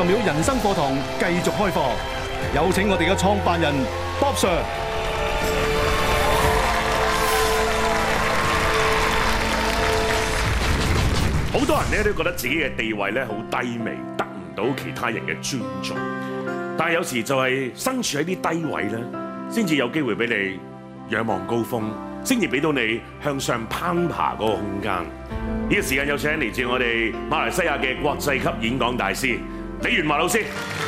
十秒人生課堂繼續開課，有請我哋嘅創辦人 Bob Sir。好多人咧都覺得自己嘅地位咧好低微，得唔到其他人嘅尊重。但係有時就係身處喺啲低位咧，先至有機會俾你仰望高峰，先至俾到你向上攀爬嗰個空間。呢個時間有請嚟自我哋馬來西亞嘅國際級演講大師。李元華老師，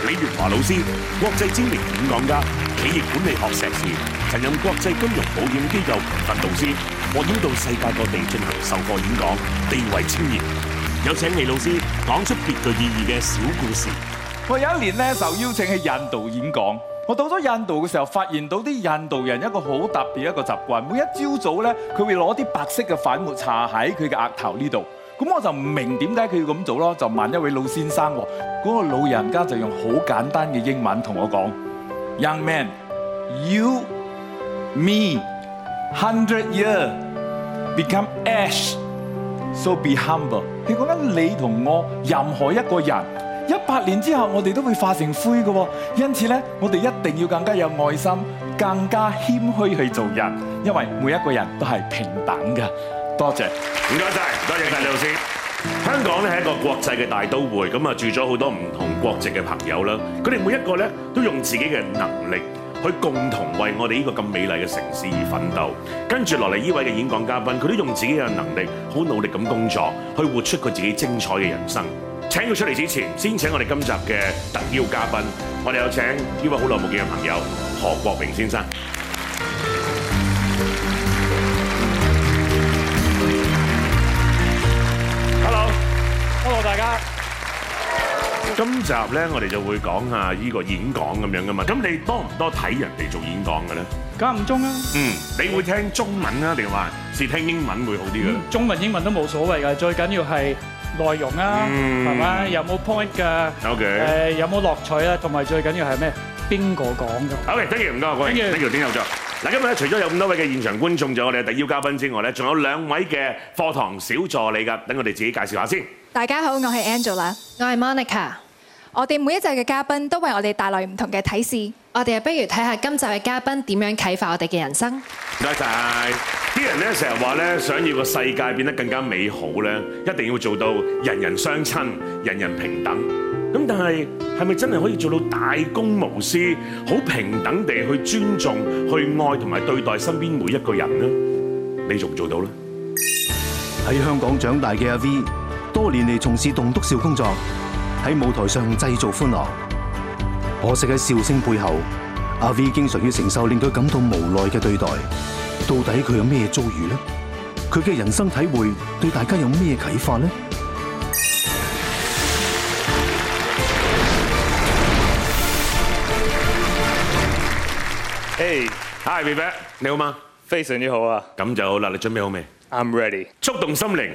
李元華老師，國際知名演講家，企業管理學碩士，曾任國際金融保險機構培訓導師，獲邀到世界各地進行授課演講，地位超然。有請李老師講出別具意義嘅小故事。我有一年呢，受邀請去印度演講，我到咗印度嘅時候，發現到啲印度人一個好特別一個習慣，每一朝早咧佢會攞啲白色嘅粉末搽喺佢嘅額頭呢度。咁我就唔明點解佢要咁做咯，就問一位老先生喎，嗰個老人家就用好簡單嘅英文同我講：Young man, you, me, hundred year, become ash, so be humble。佢講緊你同我任何一個人一百年之後，我哋都會化成灰嘅，因此咧，我哋一定要更加有愛心，更加謙虛去做人，因為每一個人都係平等嘅。多謝，謝，謝，謝，唔該曬，多謝黎老師。香港咧係一個國際嘅大都會，咁啊住咗好多唔同國籍嘅朋友啦。佢哋每一個咧都用自己嘅能力去共同為我哋呢個咁美麗嘅城市而奮鬥。跟住落嚟呢位嘅演講嘉賓，佢都用自己嘅能力，好努力咁工作，去活出佢自己精彩嘅人生。請佢出嚟之前，先請我哋今集嘅特邀嘉賓，我哋有請呢位好耐冇見嘅朋友河國榮先生。今集咧，我哋就會講下呢個演講咁樣噶嘛。咁你多唔多睇人哋做演講嘅咧？間唔中啊。嗯，你會聽中文啊定話是聽英文會好啲嘅？中文英文都冇所謂嘅，最緊要係內容啊，係咪、嗯？有冇 point 㗎？O K。誒有冇樂趣啊？同埋最緊要係咩？邊個講㗎？好嘅，得嘅，唔該，各位，呢條天有座。嗱，今日咧除咗有咁多位嘅現場觀眾，仲有我哋嘅特邀嘉賓之外咧，仲有兩位嘅課堂小助理㗎。等我哋自己介紹下先。大家好，我係 Angela，我係 Monica。我哋每一集嘅嘉賓都為我哋帶來唔同嘅啟示。我哋不如睇下今集嘅嘉賓點樣啟發我哋嘅人生。唔該晒。啲人呢成日話呢，想要個世界變得更加美好呢，一定要做到人人相親、人人平等。咁但係係咪真係可以做到大公無私、好平等地去尊重、去愛同埋對待身邊每一個人呢？你仲做到呢？喺香港長大嘅阿 V。多年嚟從事棟篤笑工作，喺舞台上製造歡樂。可惜喺笑聲背後，阿 V 經常要承受令佢感到無奈嘅對待。到底佢有咩遭遇呢？佢嘅人生體會對大家有咩啟發呢？誒，Hi，Vee，你好嗎？非常之好啊！咁就好啦，你準備好未？I'm ready。觸動心靈，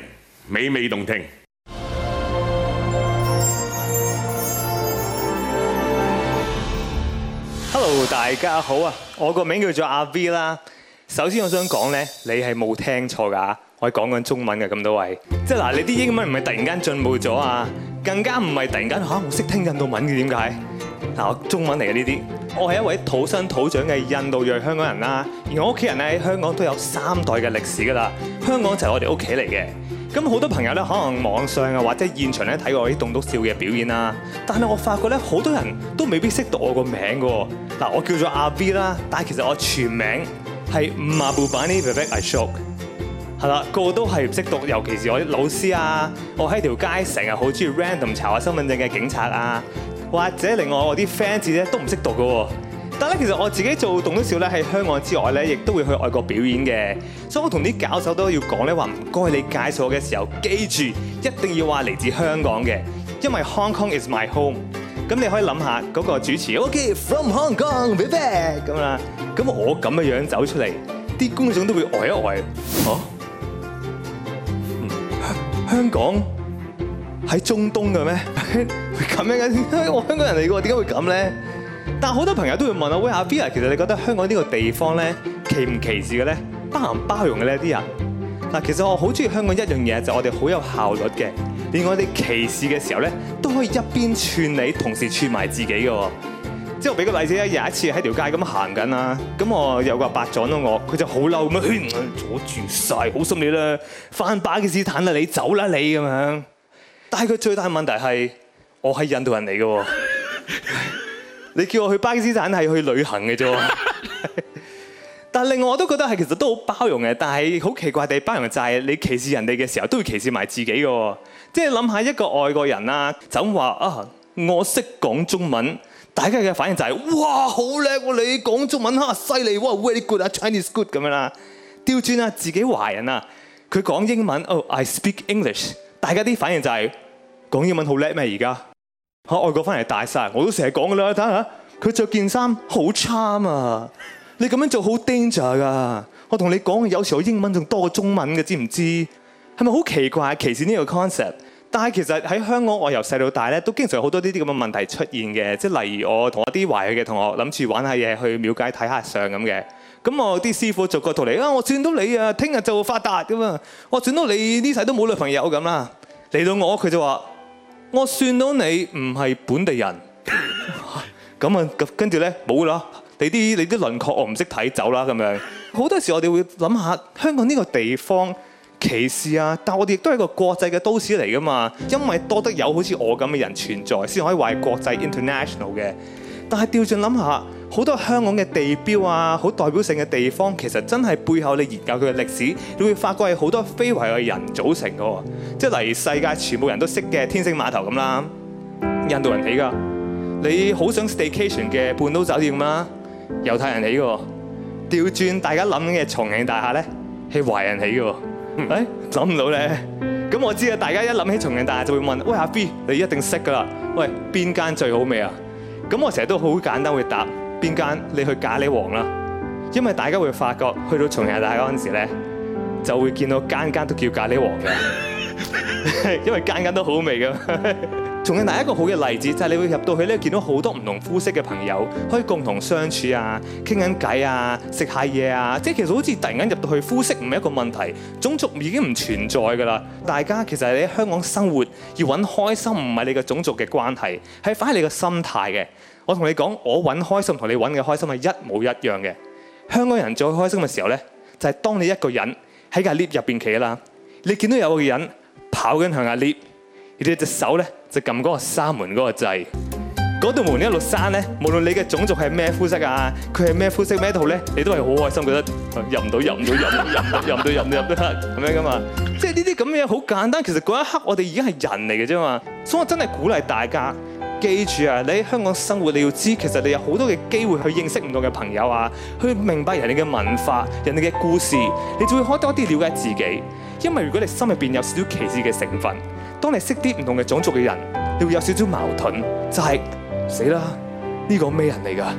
美美動聽。大家好啊！我個名叫做阿 V 啦。首先我想講呢，你係冇聽錯㗎嚇，我係講緊中文嘅，咁多位，即係嗱，你啲英文唔係突然間進步咗啊，更加唔係突然間吓我識聽印度文嘅點解？嗱，中文嚟嘅呢啲，我係一位土生土長嘅印度裔香港人啦。而我屋企人咧，喺香港都有三代嘅歷史㗎啦，香港就係我哋屋企嚟嘅。咁好多朋友咧，可能網上啊或者現場咧睇過我啲棟篤笑嘅表演啦，但係我發覺咧，好多人都未必識讀我個名嘅喎。嗱，我叫做阿 V 啦，但係其實我全名係 Mahbubani Vivek Ashok 係啦，個個 Be、ok、都係唔識讀，尤其是我啲老師啊，我喺條街成日好中意 random 查我身份證嘅警察啊，或者另外我啲 fans 咧都唔識讀嘅喎。但咧，其實我自己做動聽小咧喺香港之外咧，亦都會去外國表演嘅，所以我同啲搞手都要講咧話，唔該你介紹我嘅時候，記住一定要話嚟自香港嘅，因為 Hong Kong is my home。咁你可以諗下嗰個主持，OK，from、okay, Hong Kong，be b a c 咁啦。咁我咁嘅樣走出嚟，啲觀眾都會呆一呆。嚇、啊，香港喺中東嘅咩？咁樣嘅，我是香港人嚟嘅喎，點解會咁咧？但好多朋友都會問我，喂，阿 V，其實你覺得香港呢個地方咧，歧唔歧視嘅咧，包含包容嘅呢啲人？嗱，其實我好中意香港一樣嘢，就係、我哋好有效率嘅，連我哋歧視嘅時候咧，都可以一邊串你，同時串埋自己嘅。即係我俾個例子，有一次喺條街咁行緊啦，咁我有個白撞到我，佢就好嬲咁樣圈，阻住晒，好心你啦，翻巴基斯坦啦，你走啦你咁樣。但係佢最大問題係，我係印度人嚟嘅。 你叫我去巴基斯坦係去旅行嘅啫。 但另外我都覺得係其實都好包容嘅，但係好奇怪地包容就係你歧視人哋嘅時候都會歧視埋自己嘅，即係諗下一個外國人啦，就咁話、oh, 我識講中文，大家嘅反應就係哇好叻喎，你講中文嚇犀利喎，very good 啊，Chinese good 咁樣啦，刁轉自己華人啊，佢講英文，oh I speak English，大家啲反應就係、是、講英文好叻咩而家？吓，外國翻嚟大晒，我都成日講噶啦。睇下佢着件衫好差啊！你咁樣做好 danger 噶。我同你講，有時候英文仲多過中文嘅，知唔知？係咪好奇怪歧視呢個 concept？但係其實喺香港，我由細到大呢，都經常有好多呢啲咁嘅問題出現嘅。即係例如我同一啲懷舊嘅同學諗住玩下嘢，去廟街睇下相咁嘅。咁我啲師傅逐個圖嚟啊，我轉到你啊，聽日就發達噶嘛。我轉到你呢世都冇女朋友咁啦。嚟到我，佢就話。我算到你唔係本地人，咁 啊，跟住咧冇啦，你啲你啲輪廓我唔識睇，走啦咁樣。 好多時我哋會諗下香港呢個地方歧視啊，但係我哋亦都係一個國際嘅都市嚟噶嘛，因為多得有好似我咁嘅人存在，先可以話係國際 international 嘅。但係調轉諗下。好多香港嘅地標啊，好代表性嘅地方，其實真係背後你研究佢嘅歷史，你會發覺係好多非華人組成噶。即係例如世界全部人都識嘅天星碼頭咁啦，印度人起噶。你好想 staycation 嘅半島酒店啦，猶太人起噶。調轉大家諗嘅重慶大廈咧，係華人起噶。誒諗唔到咧，咁我知啊，大家一諗起重慶大廈就會問，喂阿 V，你一定識噶啦。喂邊間最好味啊？咁我成日都好簡單會答。邊間你去咖喱王啦？因為大家會發覺去到重慶大嗰陣時咧，就會見到間間都叫咖喱王嘅，因為間間都好味㗎。重慶大一個好嘅例子就係你會入到去咧，見到好多唔同膚色嘅朋友可以共同相處啊、傾緊偈啊、食下嘢啊，即係其實好似突然間入到去，膚色唔係一個問題，種族已經唔存在㗎啦。大家其實喺香港生活要揾開心，唔係你嘅種族嘅關係，係反係你嘅心態嘅。我同你講，我揾開心同你揾嘅開心係一模一樣嘅。香港人最開心嘅時候咧，就係、是、當你一個人喺架 lift 入邊企啦，你見到有個人跑緊向架 lift，而你隻手咧就撳嗰個閂門嗰、那個掣，嗰道門一路閂咧，無論你嘅種族係咩膚色啊，佢係咩膚色咩度咧，你都係好開心覺得入唔到入唔到入入入唔到入唔到、入得。咁樣噶嘛。即係呢啲咁嘅嘢好簡單，其實嗰一刻我哋已經係人嚟嘅啫嘛，所以我真係鼓勵大家。記住啊！你喺香港生活，你要知其實你有好多嘅機會去認識唔同嘅朋友啊，去明白人哋嘅文化、人哋嘅故事，你就會開多啲了解自己。因為如果你心入面有少少歧視嘅成分，當你識啲唔同嘅種族嘅人，你會有少少矛盾，就係死啦！呢個咩人嚟噶？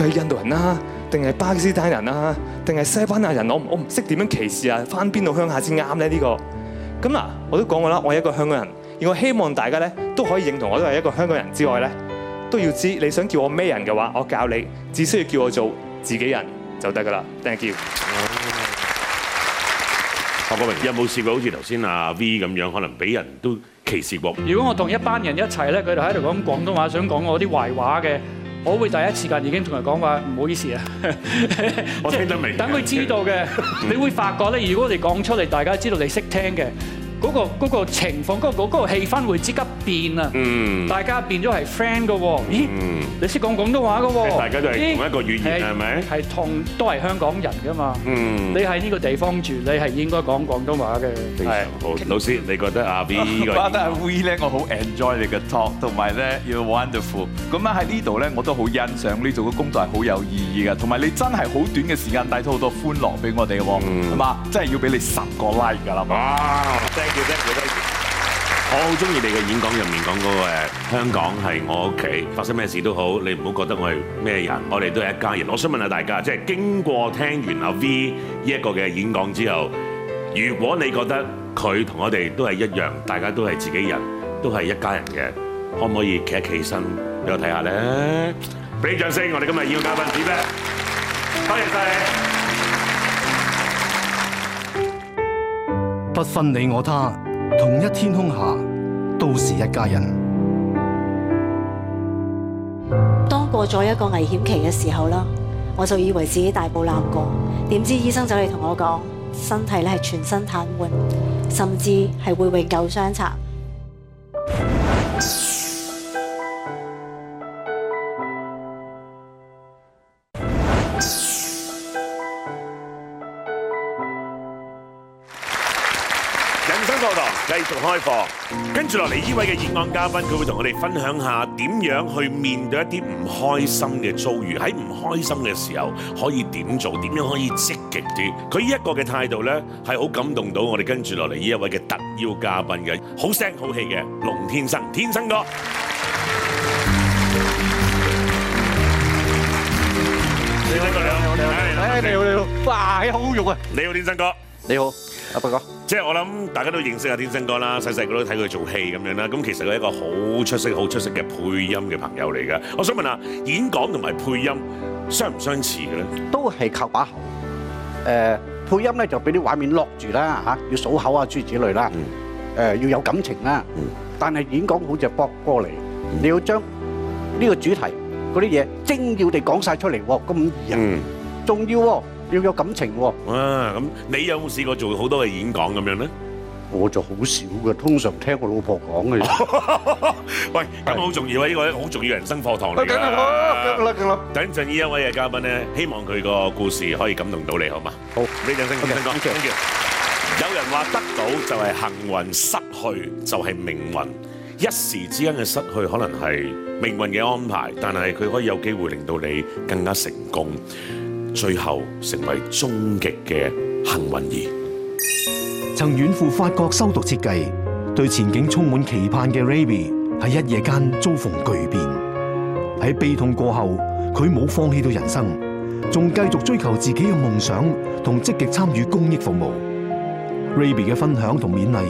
佢係印度人啊，定係巴基斯坦人啊，定係西班牙人？我我我唔識點樣歧視啊！翻邊度鄉下先啱咧？呢個咁嗱，我都講過啦，我係一個香港人。而我希望大家咧都可以認同，我都係一個香港人之外咧，都要知你想叫我咩人嘅話，我教你只需要叫我做自己人就得噶啦。Thank you。河國榮有冇試過好似頭先阿 V 咁樣，可能俾人都歧視過？如果我同一班人一齊咧，佢哋喺度講廣東話，想講我啲壞話嘅，我會第一時間已經同佢講話唔好意思啊。我聽得明。等佢知道嘅，你會發覺咧，如果你講出嚟，大家知道你識聽嘅。嗰、那個那個情況，嗰、那個嗰、那個、氣氛會即刻變啊！嗯，大家變咗係 friend 嘅喎。咦，你識講廣東話嘅喎？大家都係同一個語言係咪？係是同都係香港人嘅嘛。嗯，你喺呢個地方住，你係應該講廣東話嘅。係好聽老師，你覺得阿 V 呢？But we 咧，我好 enjoy 你嘅 talk，同埋咧，you wonderful。咁啊喺呢度咧，我都好欣賞你做嘅工作係好有意義嘅，同埋你真係好短嘅時間帶咗好多歡樂俾我哋喎。係嘛、嗯，真係要俾你十個 like 㗎啦！哇就是謝謝，謝謝，我好中意你嘅演講入面講嗰個誒，香港係我屋企，發生咩事都好，你唔好覺得我係咩人，我哋都係一家人。我想問下大家，即係經過聽完阿 V 呢一個嘅演講之後，如果你覺得佢同我哋都係一樣，大家都係自己人，都係一家人嘅，可唔可以企一企身俾我睇下咧？俾啲掌聲，我哋今日要嘅分子咩？咧？多謝晒。曬。不分你我他，同一天空下，都是一家人。當過咗一個危險期嘅時候啦，我就以為自己大步攬過，點知醫生走嚟同我講，身體咧係全身癱瘓，甚至係會永久傷殘。繼續開放，跟住落嚟呢位嘅演講嘉賓，佢會同我哋分享下點樣去面對一啲唔開心嘅遭遇，喺唔開心嘅時候可以點做，點樣可以積極啲。佢呢一個嘅態度咧，係好感動到我哋，跟住落嚟呢一位嘅特邀嘉賓嘅，好聲好氣嘅龍天生，天生哥。天生哥你好，你好，哇，你好肉啊！你好，天生哥，你好，阿伯哥。即係我諗，大家都認識阿天生哥啦，細細個都睇佢做戲咁樣啦。咁其實佢係一個好出色、好出色嘅配音嘅朋友嚟噶。我想問下，演講同埋配音相唔相似嘅咧？都係靠把口。誒，配音咧就俾啲畫面落住啦嚇，要數口啊諸如此類啦。誒，要有感情啦。但係演講好似係搏過嚟，你要將呢個主題嗰啲嘢精要地講晒出嚟喎，咁易啊，仲要喎。要有感情喎！啊，咁你有冇試過做好多嘅演講咁樣咧？我就好少嘅，通常聽我老婆講嘅。喂，咁好重要啊！呢個好重要人生課堂嚟㗎。梗係好，梗啦，梗啦。等陣呢一位嘅嘉賓咧，希望佢個故事可以感動到你，好嘛？好，你陣先嘅。有人話得到就係幸運，失去就係命運。一時之間嘅失去可能係命運嘅安排，但係佢可以有機會令到你更加成功。最後成為終極嘅幸運兒。曾遠赴法國修讀設計，對前景充滿期盼嘅 Raby 喺一夜間遭逢巨變。喺悲痛過後，佢冇放棄到人生，仲繼續追求自己嘅夢想，同積極參與公益服務。Raby 嘅分享同勉勵，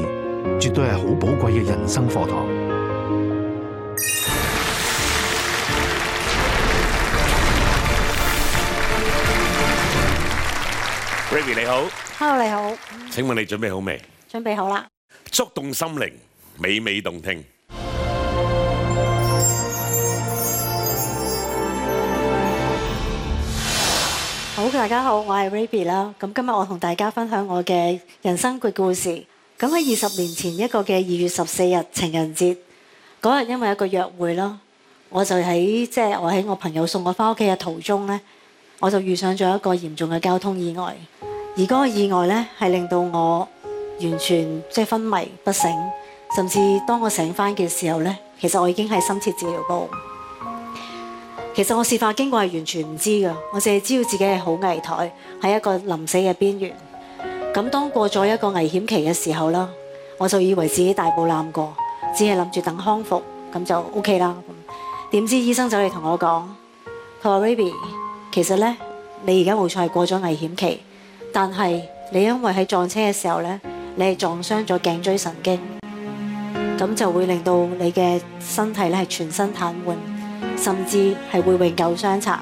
絕對係好寶貴嘅人生課堂。Raby，你好，Hello 你好，請問你準備好未？準備好啦。觸動心靈，美美動聽。好，大家好，我係 Raby 啦。咁今日我同大家分享我嘅人生故事。咁喺二十年前一個嘅二月十四日情人節，嗰日因為一個約會咯，我就喺即係我喺我朋友送我翻屋企嘅途中呢，我就遇上咗一個嚴重嘅交通意外。而嗰個意外呢，係令到我完全、即係、昏迷不醒，甚至當我醒返嘅時候呢，其實我已經係深切治療部。其實我事發經過係完全唔知㗎，我淨係知道自己係好危殆，喺一個臨死嘅邊緣。咁當過咗一個危險期嘅時候啦，我就以為自己大步躝過，只係諗住等康復，咁就 OK 啦。點知醫生走嚟同我講，佢話：Ruby，其實呢，你而家冇錯係過咗危險期。但是你因為喺撞車嘅時候呢，你係撞傷咗頸椎神經，咁就會令到你嘅身體全身癱瘓，甚至係會永久傷殘。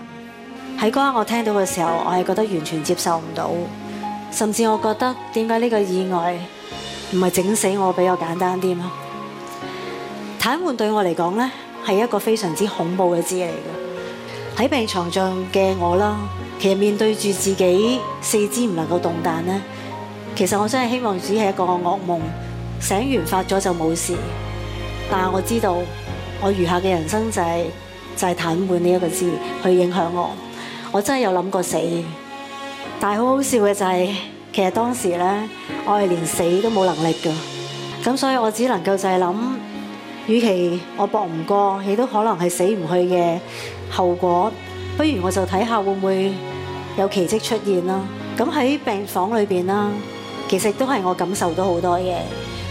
喺嗰刻我聽到嘅時候，我係覺得完全接受唔到，甚至我覺得點解呢個意外唔係整死我比較簡單啲嗎？癱瘓對我嚟講係一個非常之恐怖嘅字嚟嘅，喺病床上嘅我啦。其實面對住自己四肢唔能夠動彈呢，其實我真係希望只係一個噩夢，醒完發咗就冇事。但我知道我餘下嘅人生就係就係癱瘓呢一個字去影響我。我真係有諗過死，但係好好笑嘅就係，其實當時呢，我係連死都冇能力噶。咁所以我只能夠就係諗，與其我搏唔過，也都可能係死唔去嘅後果，不如我就睇下會唔會。有奇蹟出現啦！咁喺病房裏面啦，其實都係我感受咗好多嘢。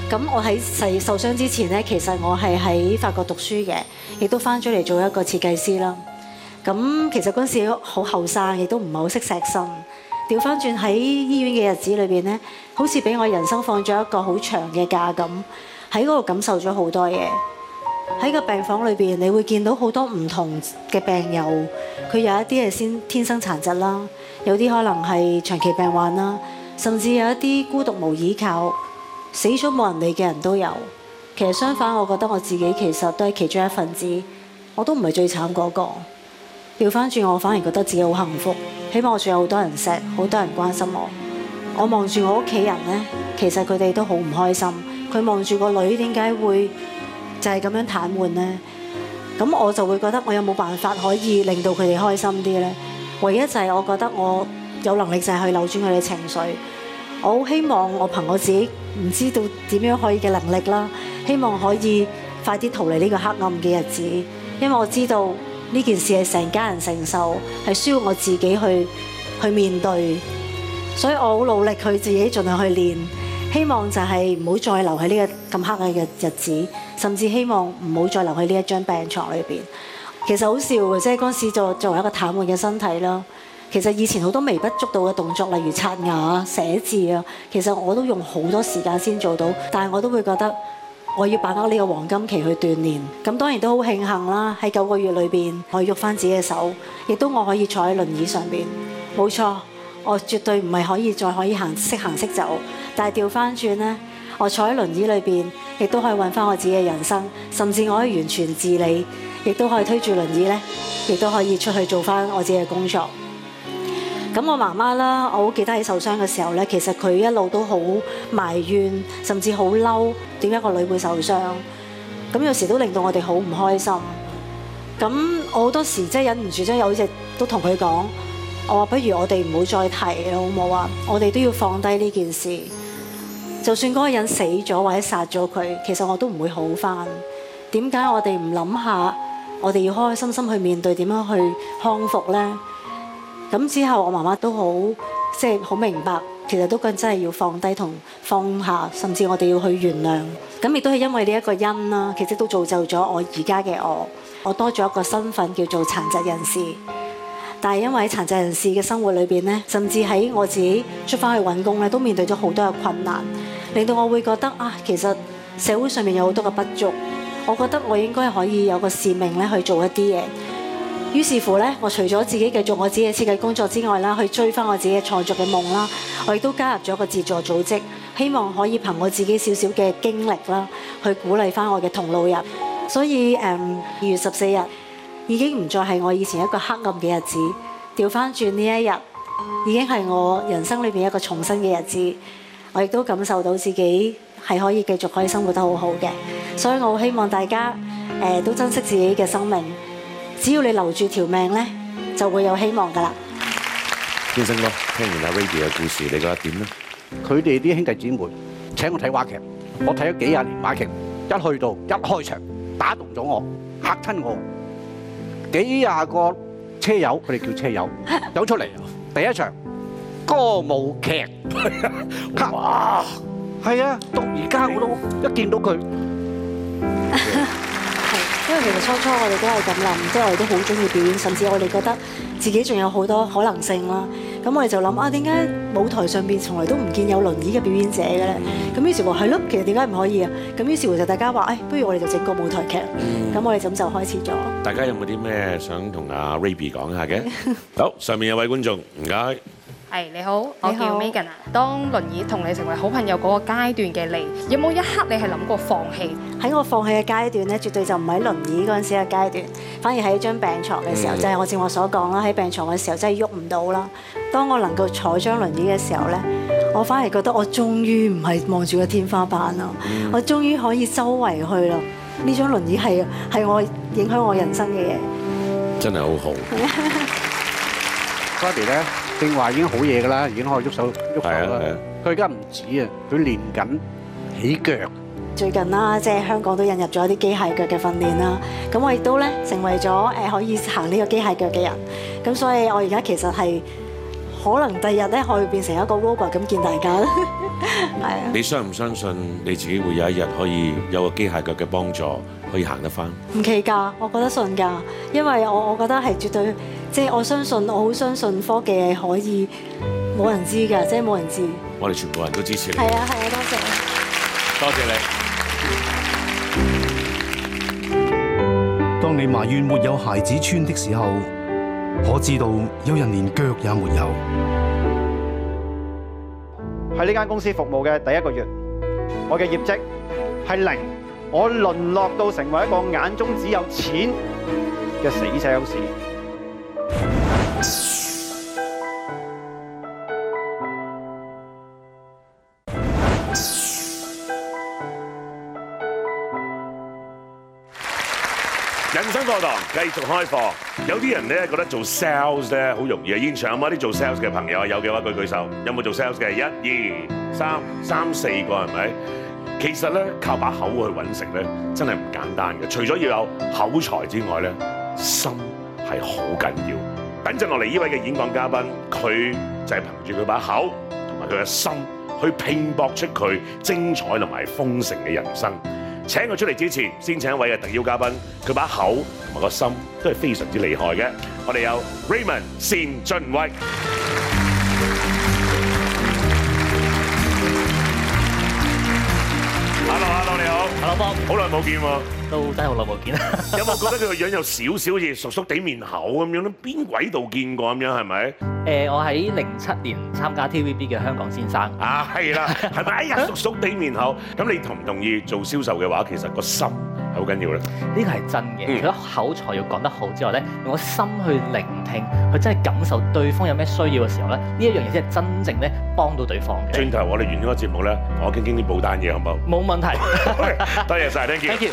咁我喺細受傷之前呢，其實我係喺法國讀書嘅，亦都返咗嚟做一個設計師啦。咁其實嗰陣時好後生，亦都唔係好識錫身。調返轉喺醫院嘅日子裏面呢，好似俾我人生放咗一個好長嘅假咁，喺嗰度感受咗好多嘢。喺個病房裏面，你會見到好多唔同嘅病友，佢有一啲係先天生殘疾啦，有啲可能係長期病患啦，甚至有一啲孤獨無依靠、死咗冇人理嘅人都有。其實相反，我覺得我自己其實都係其中一份子，我都唔係最慘嗰個。調返轉，我反而覺得自己好幸福，希望我仲有好多人錫，好多人關心我。我望住我屋企人呢，其實佢哋都好唔開心。佢望住個女，點解會？就係咁樣癱瘓咧，咁我就會覺得我有冇辦法可以令到佢哋開心啲咧？唯一就係我覺得我有能力就係去扭轉佢哋情緒。我希望我憑我自己唔知道點樣可以嘅能力啦，希望可以快啲逃離呢個黑暗嘅日子。因為我知道呢件事係成家人承受，係需要我自己去去面對，所以我好努力去自己盡量去練。希望就係唔好再留喺呢這個咁這黑暗嘅日日子，甚至希望唔好再留喺呢一張病床裏邊。其實好笑嘅啫，嗰、即係、時作作為一個癱瘓嘅身體啦。其實以前好多微不足道嘅動作，例如刷牙、寫字啊，其實我都用好多時間先做到。但係我都會覺得我要把握呢個黃金期去鍛鍊。咁當然都好慶幸啦，喺九個月裏邊我可以喐返自己嘅手，亦都我可以坐喺輪椅上面。冇錯，我絕對唔係可以再可以行識行識走。但係調翻轉呢，我坐喺輪椅裏面，亦都可以搵返我自己嘅人生，甚至我可以完全自理，亦都可以推住輪椅呢，亦都可以出去做返我自己嘅工作。咁我媽媽啦，我好記得喺受傷嘅時候呢，其實佢一路都好埋怨，甚至好嬲，點解一個女會受傷？咁有時都令到我哋好唔開心。咁我好多時真係、就是、忍唔住，真係有日都同佢講，我話不如我哋唔好再提好冇啊？我哋都要放低呢件事。就算嗰個人死咗或者殺咗佢，其實我都唔會好返。點解我哋唔諗下，我哋要開開心心去面對，點樣去康復呢？咁之後，我媽媽都好，即係好明白，其實都真係要放低同放下，甚至我哋要去原諒。咁亦都係因為呢一個因啦，其實都造就咗我而家嘅我。我多咗一個身份叫做殘疾人士，但係因為喺殘疾人士嘅生活裏邊呢，甚至喺我自己出返去揾工咧，都面對咗好多嘅困難。令到我會覺得啊，其實社會上面有好多嘅不足，我覺得我應該可以有個使命去做一啲嘢。於是乎呢，我除咗自己繼續我自己設計工作之外，去追返我自己創作嘅夢啦，我亦都加入咗一個自助組織，希望可以憑我自己少少嘅經歷啦，去鼓勵返我嘅同路人。所以，嗯，二月十四日已經唔再係我以前一個黑暗嘅日子，調翻轉，呢一日已經係我人生裏面一個重生嘅日子。我亦都感受到自己係可以繼續可以生活得很好好嘅，所以我希望大家都珍惜自己嘅生命。只要你留住條命就會有希望㗎啦。天星哥，聽完阿 v i y 嘅故事，你覺得點咧？佢哋啲兄弟姊妹請我睇話劇，我睇咗幾十年話劇，一去到一開場打動咗我，嚇親我。幾廿個車友，佢哋叫車友走出嚟，第一場。歌舞劇哇，係 啊！到而家我都一見到佢吧，因為其實初初我哋都係咁諗，即係我哋都好中意表演，甚至我哋覺得自己仲有好多可能性啦。咁我哋就諗啊，點解舞台上邊從來都唔見有輪椅嘅表演者嘅咧？咁於是乎，係咯，其實點解唔可以啊？咁於是乎就大家話誒，不如我哋就整個舞台劇，咁我哋就咁就開始咗。大家有冇啲咩想同阿 Ray B 講下嘅？ 好，上面有位觀眾，唔該。係你好，我叫 Megan。當輪椅同你成為好朋友嗰個階段嘅你，有冇一刻你係諗過放棄？喺我放棄嘅階段咧，絕對就唔喺輪椅嗰陣時嘅階段，反而喺張病床嘅時候就。就係我正話我所講啦，喺病床嘅時候真係喐唔到啦。當我能夠坐張輪椅嘅時候咧，我反而覺得我終於唔係望住個天花板咯，我終於可以周圍去啦。呢張輪椅係係我影響我人生嘅嘢對，真係好好。話已經好嘢㗎啦，已經可以喐手喐腳啦。佢而家唔止啊，佢練緊起腳。最近啦，即係香港都引入咗一啲機械腳嘅訓練啦。咁我亦都咧成為咗誒可以行呢個機械腳嘅人。咁所以，我而家其實係可能第日咧可以變成一個 robot 咁見大家啦。係啊。你相唔相信你自己會有一日可以有個機械腳嘅幫助，可以行得返？唔奇㗎，我覺得信㗎，因為我我覺得係絕對。即係我相信，我好相信科技係可以冇人知嘅，即係冇人知。我哋全部人都支持你。係啊，係啊，多謝，多謝你。謝謝你，當你埋怨沒有鞋子穿的時候，可知道有人連腳也沒有？喺呢間公司服務嘅第一個月，我嘅業績係零，我淪落到成為一個眼中只有錢嘅死 sales。新課堂繼續開課，有啲人咧覺得做 sales 咧好容易啊！現場有冇啲做 sales 嘅朋友啊？有嘅話舉舉手有冇。有冇做 sales 嘅？一、二、三、三四個係咪？其實咧靠把口去揾食咧真係唔簡單嘅，除咗要有口才之外咧，心係好緊要。等陣落嚟呢位嘅演講嘉賓，佢就係憑住佢把口同埋佢嘅心去拼搏出佢精彩同埋豐盛嘅人生。請佢出嚟之前，先請一位嘅特邀嘉賓，佢把口同埋個心都係非常之厲害嘅。我哋有 Raymond 單俊偉。好耐冇見喎，都真係好耐冇見啊！有冇覺得佢個樣有少少好似叔叔哋面口咁樣咧？邊鬼度見過咁樣，係咪？誒，我喺零七年參加 TVB 嘅香港先生啊，係啦，係咪？哎呀，叔叔哋面口，咁你同唔同意做銷售嘅話，其實個心好緊要啦！呢個係真嘅。除咗口才要講得好之外咧，用個心去聆聽，去真係感受對方有咩需要嘅時候咧，呢一樣嘢先係真正咧幫到對方嘅。轉頭我哋完呢個節目咧，同我傾傾啲保單嘢，好唔問 好？冇問題。多謝曬謝，聽見。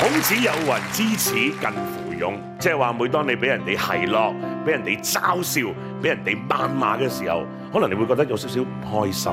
孔子有云：知恥近乎勇。即係話，每當你俾人哋奚落、俾人哋嘲笑、俾人哋謾罵嘅時候，可能你會覺得有少少唔開心。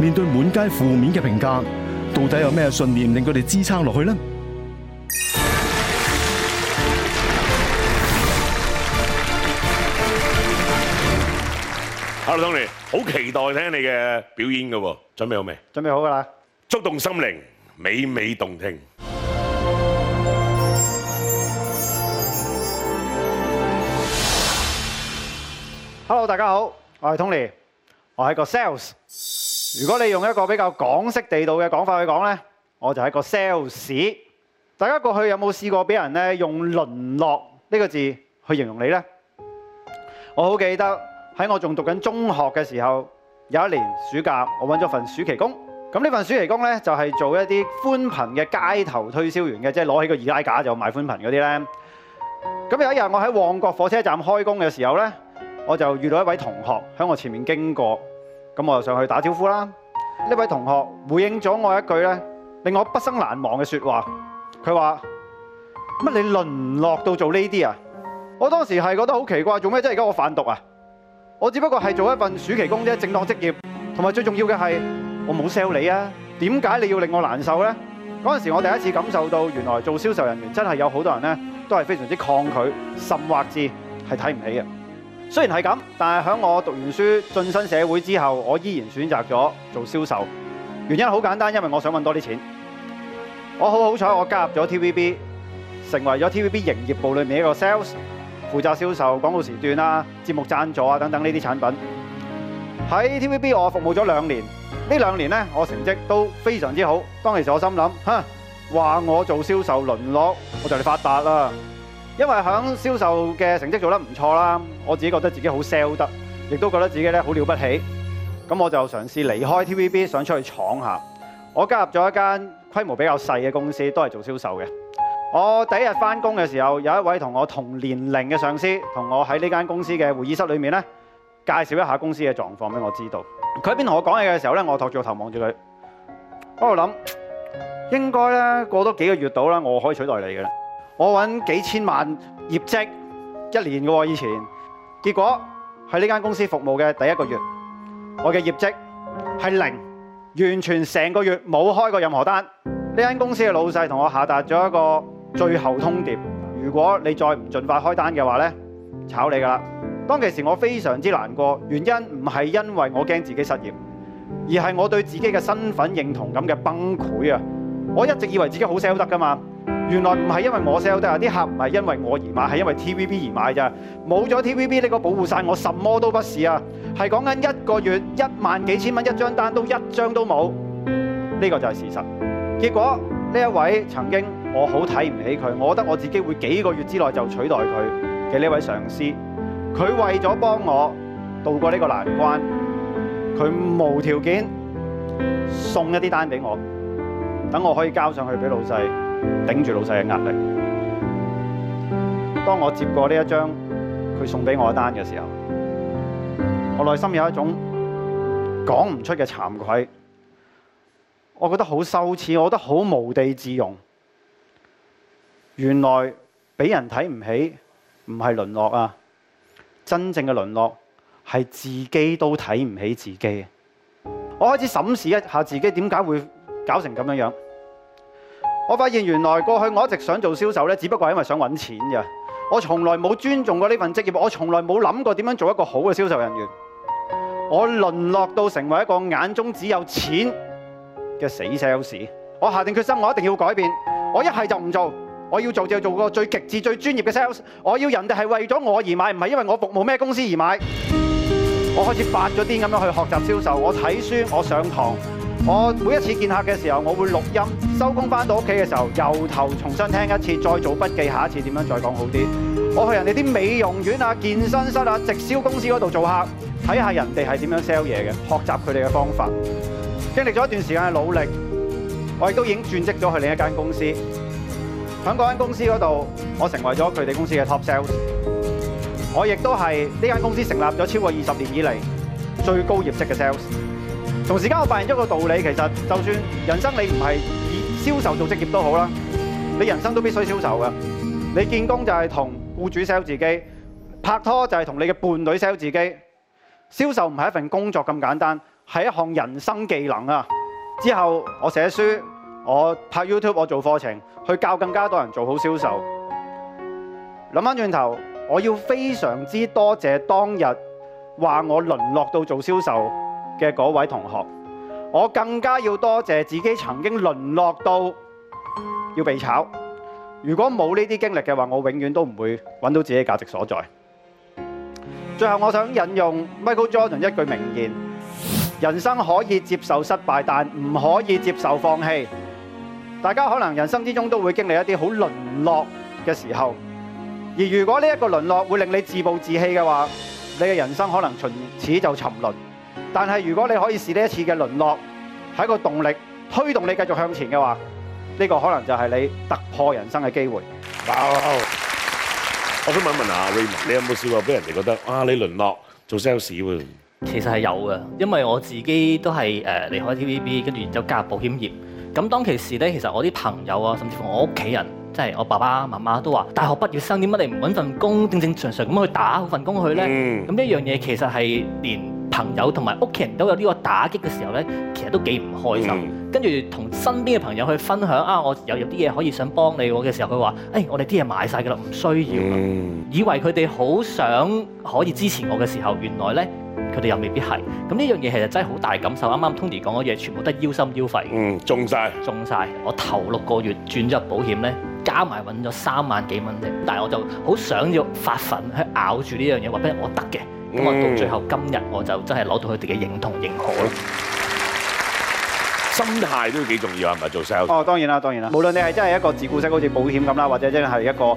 面對滿街負面嘅評價，到底有咩信念令佢哋支撐落去呢？Hello，Tony，好期待聽你嘅表演㗎，準備好未？準備好㗎啦！觸動心靈，美美動聽。Hello，大家好，我係 Tony，我係個 sales。如果你用一個比較港式地道嘅講法去講呢，我就係個 sales。大家過去有冇試過俾人咧用淪落呢個字去形容你呢？我好記得喺我仲讀緊中學嘅時候，有一年暑假我揾咗份暑期工。咁呢份暑期工呢就係做一啲寬頻嘅街頭推銷員嘅，即係攞起個易拉架就賣寬頻嗰啲呢。咁有一日我喺旺角火車站開工嘅時候呢，我就遇到一位同學喺我前面經過。咁我又上去打招呼啦，呢位同學回應咗我一句咧，令我畢生難忘嘅説話。佢話：乜你淪落到做呢啲啊？我當時係覺得好奇怪，做咩即係而家我販毒啊？我只不過係做一份暑期工啫，正當職業，同埋最重要嘅係我冇 sell 你啊。點解你要令我難受咧？嗰陣時我第一次感受到，原來做銷售人員真係有好多人咧，都係非常之抗拒、甚或至係睇唔起嘅。雖然係咁，但係響我讀完書晉身社會之後，我依然選擇咗做銷售。原因好簡單，因為我想揾多啲錢。我好好彩，我加入咗 TVB，成為咗 TVB 營業部裏面一個 sales，負責銷售廣告時段啊、節目贊助啊等等呢啲產品。喺 TVB 我服務咗兩年，呢兩年呢，我成績都非常之好。當時我心諗，哼，話我做銷售淪落，我就嚟發達啦。因為喺銷售嘅成績做得唔錯啦，我自己覺得自己好 sell 得，亦都覺得自己咧好了不起。咁我就嘗試離開 TVB，想出去闖下。我加入咗一間規模比較細嘅公司，都係做銷售嘅。我第一日翻工嘅時候，有一位同我同年齡嘅上司，同我喺呢間公司嘅會議室裏面咧，介紹一下公司嘅狀況俾我知道。佢一邊同我講嘢嘅時候咧，我托住個頭望住佢，喺度諗應該咧過多幾個月到啦，我可以取代你嘅啦。我揾幾千萬業績一年嘅喎，以前，結果喺呢間公司服務嘅第一個月，我嘅業績係零，完全成個月冇開過任何單。呢間公司嘅老細同我下達咗一個最後通牒，如果你再唔盡快開單嘅話呢，炒你噶啦。當其時我非常之難過，原因唔係因為我驚自己失業，而係我對自己嘅身份認同咁嘅崩潰啊！我一直以為自己好 sell 得㗎嘛，原來唔係因為我 sell 得啊，啲客唔係因為我而買，係因為 TVB 而買咋。冇咗 TVB 呢個保護傘，我什麼都不是啊。係講緊一個月一萬幾千蚊一張單，都一張都冇。呢個就係事實。結果呢一位曾經我好睇唔起佢，我覺得我自己會幾個月之內就取代佢嘅呢位上司，佢為咗幫我渡過呢個難關，佢無條件送一啲單俾我。等我可以交上去俾老細，頂住老細嘅壓力。當我接過呢一張佢送俾我的單嘅時候，我內心有一種講唔出嘅慚愧。我覺得好羞恥，我覺得好無地自容。原來俾人睇唔起，唔係淪落啊！真正嘅淪落係自己都睇唔起自己。我開始審視一下自己，點解會搞成咁樣樣，我發現原來過去我一直想做銷售呢，只不過係因為想揾錢嘅。我從來冇尊重過呢份職業，我從來冇諗過點樣做一個好嘅銷售人員。我淪落到成為一個眼中只有錢嘅死 sales。我下定決心，我一定要改變。我一係就唔做，我要做就做個最極致、最專業嘅 sales。我要人哋係為咗我而買，唔係因為我服務咩公司而買。我開始發咗癲咁樣去學習銷售，我睇書，我上堂。我每一次見客嘅時候，我會錄音。收工翻到屋企嘅時候，由頭重新聽一次，再做筆記。下一次點樣再講好啲？我去人哋啲美容院啊、健身室啊、直銷公司嗰度做客，睇下人哋係點樣 sell 嘢嘅，學習佢哋嘅方法。經歷咗一段時間嘅努力，我亦都已經轉職咗去另一間公司。喺嗰間公司嗰度，我成為咗佢哋公司嘅 top sales。我亦都係呢間公司成立咗超過二十年以嚟最高業績嘅 sales。同時間，我發現了一個道理，其實就算人生你唔係以銷售做職業都好啦，你人生都必須銷售嘅。你見工就係同僱主 sell 自己，拍拖就係同你嘅伴侶 sell 自己。銷售唔係一份工作咁簡單，係一項人生技能啊！之後我寫書，我拍 YouTube，我做課程，去教更加多人做好銷售。諗返轉頭，我要非常之多謝當日話我淪落到做銷售嘅嗰位同學，我更加要多謝自己曾經淪落到要被炒。如果冇呢啲經歷嘅話，我永遠都唔會揾到自己價值所在。最後我想引用 Michael Jordan 一句名言：人生可以接受失敗，但唔可以接受放棄。大家可能人生之中都會經歷一啲好淪落嘅時候，而如果呢一個淪落會令你自暴自棄嘅話，你嘅人生可能從此就沉淪。但係如果你可以試呢一次嘅淪落係一個動力推動你繼續向前嘅話，呢個可能就係你突破人生嘅機會。我想問一問啊，Raymond，你有冇試過俾人哋覺得啊，你淪落做 sales 喎？其實係有嘅，因為我自己都係誒離開 TVB，跟住然之後就加入保險業。咁當其時咧，其實我啲朋友啊，甚至乎我屋企人，即係我爸爸媽媽都話：大學畢業生點解你唔揾份工，正正常常咁去打好份工去咧？咁呢一樣嘢其實係連。朋友同埋屋企人都有呢個打擊嘅時候呢，其實都幾唔開心的。嗯、跟住同身邊嘅朋友去分享啊，我有有啲嘢可以想幫你我嘅時候，佢話：誒、哎，我哋啲嘢買晒㗎啦，唔需要。嗯、以為佢哋好想可以支持我嘅時候，原來呢，佢哋又未必係。咁呢樣嘢其實真係好大感受。啱啱 Tony 講嘅嘢，全部都係腰心腰肺。嗯，中晒。中晒。我頭六個月轉咗入保險呢，加埋揾咗三萬幾蚊啫，但係我就好想要發奮去咬住呢樣嘢，話俾我得嘅。咁啊，到最後今日我就真係攞到佢哋嘅認同、認可咯。心態都要幾重要啊，係咪做 sales？哦，當然啦，當然啦。無論你係真係一個自僱式，好似保險咁啦，或者真係一個誒，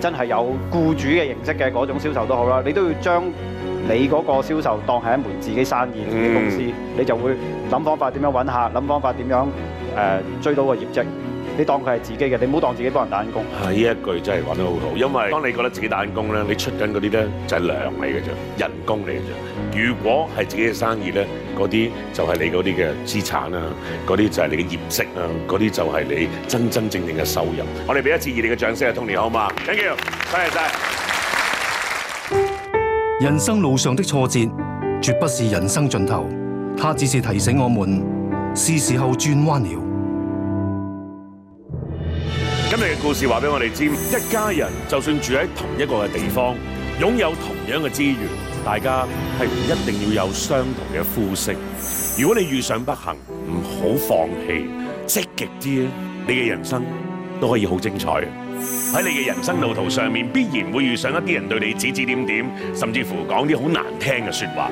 真係有僱主嘅形式嘅嗰種銷售都好啦，你都要將你嗰個銷售當係一門自己生意，自己的公司，你就會諗方法點樣揾下，諗方法點樣誒，追到個業績。你當佢係自己嘅，你唔好當自己幫人打緊工。係呢一句真係玩得好好，因為當你覺得自己打緊工咧，你出緊嗰啲咧就係糧嚟嘅啫，人工嚟嘅啫。如果係自己嘅生意咧，嗰啲就係你嗰啲嘅資產啊，嗰啲就係你嘅業績啊，嗰啲就係你真真正正嘅收入。我哋俾一次熱烈嘅掌聲啊，Tony，好嘛？Thank you，多謝晒。人生路上的挫折，絕不是人生盡頭，它只是提醒我們，是時候轉彎了。嘅故事話俾我哋知，一家人就算住喺同一個嘅地方，擁有同樣嘅資源，大家係唔一定要有相同嘅膚色。如果你遇上不幸，唔好放棄，積極啲，你嘅人生都可以好精彩。喺你嘅人生路途上面，必然會遇上一啲人對你指指點點，甚至乎講啲好難聽嘅説話。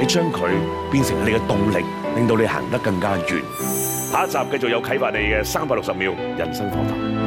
你將佢變成你嘅動力，令到你行得更加遠。下一集繼續有啟發你嘅三百六十秒人生課堂。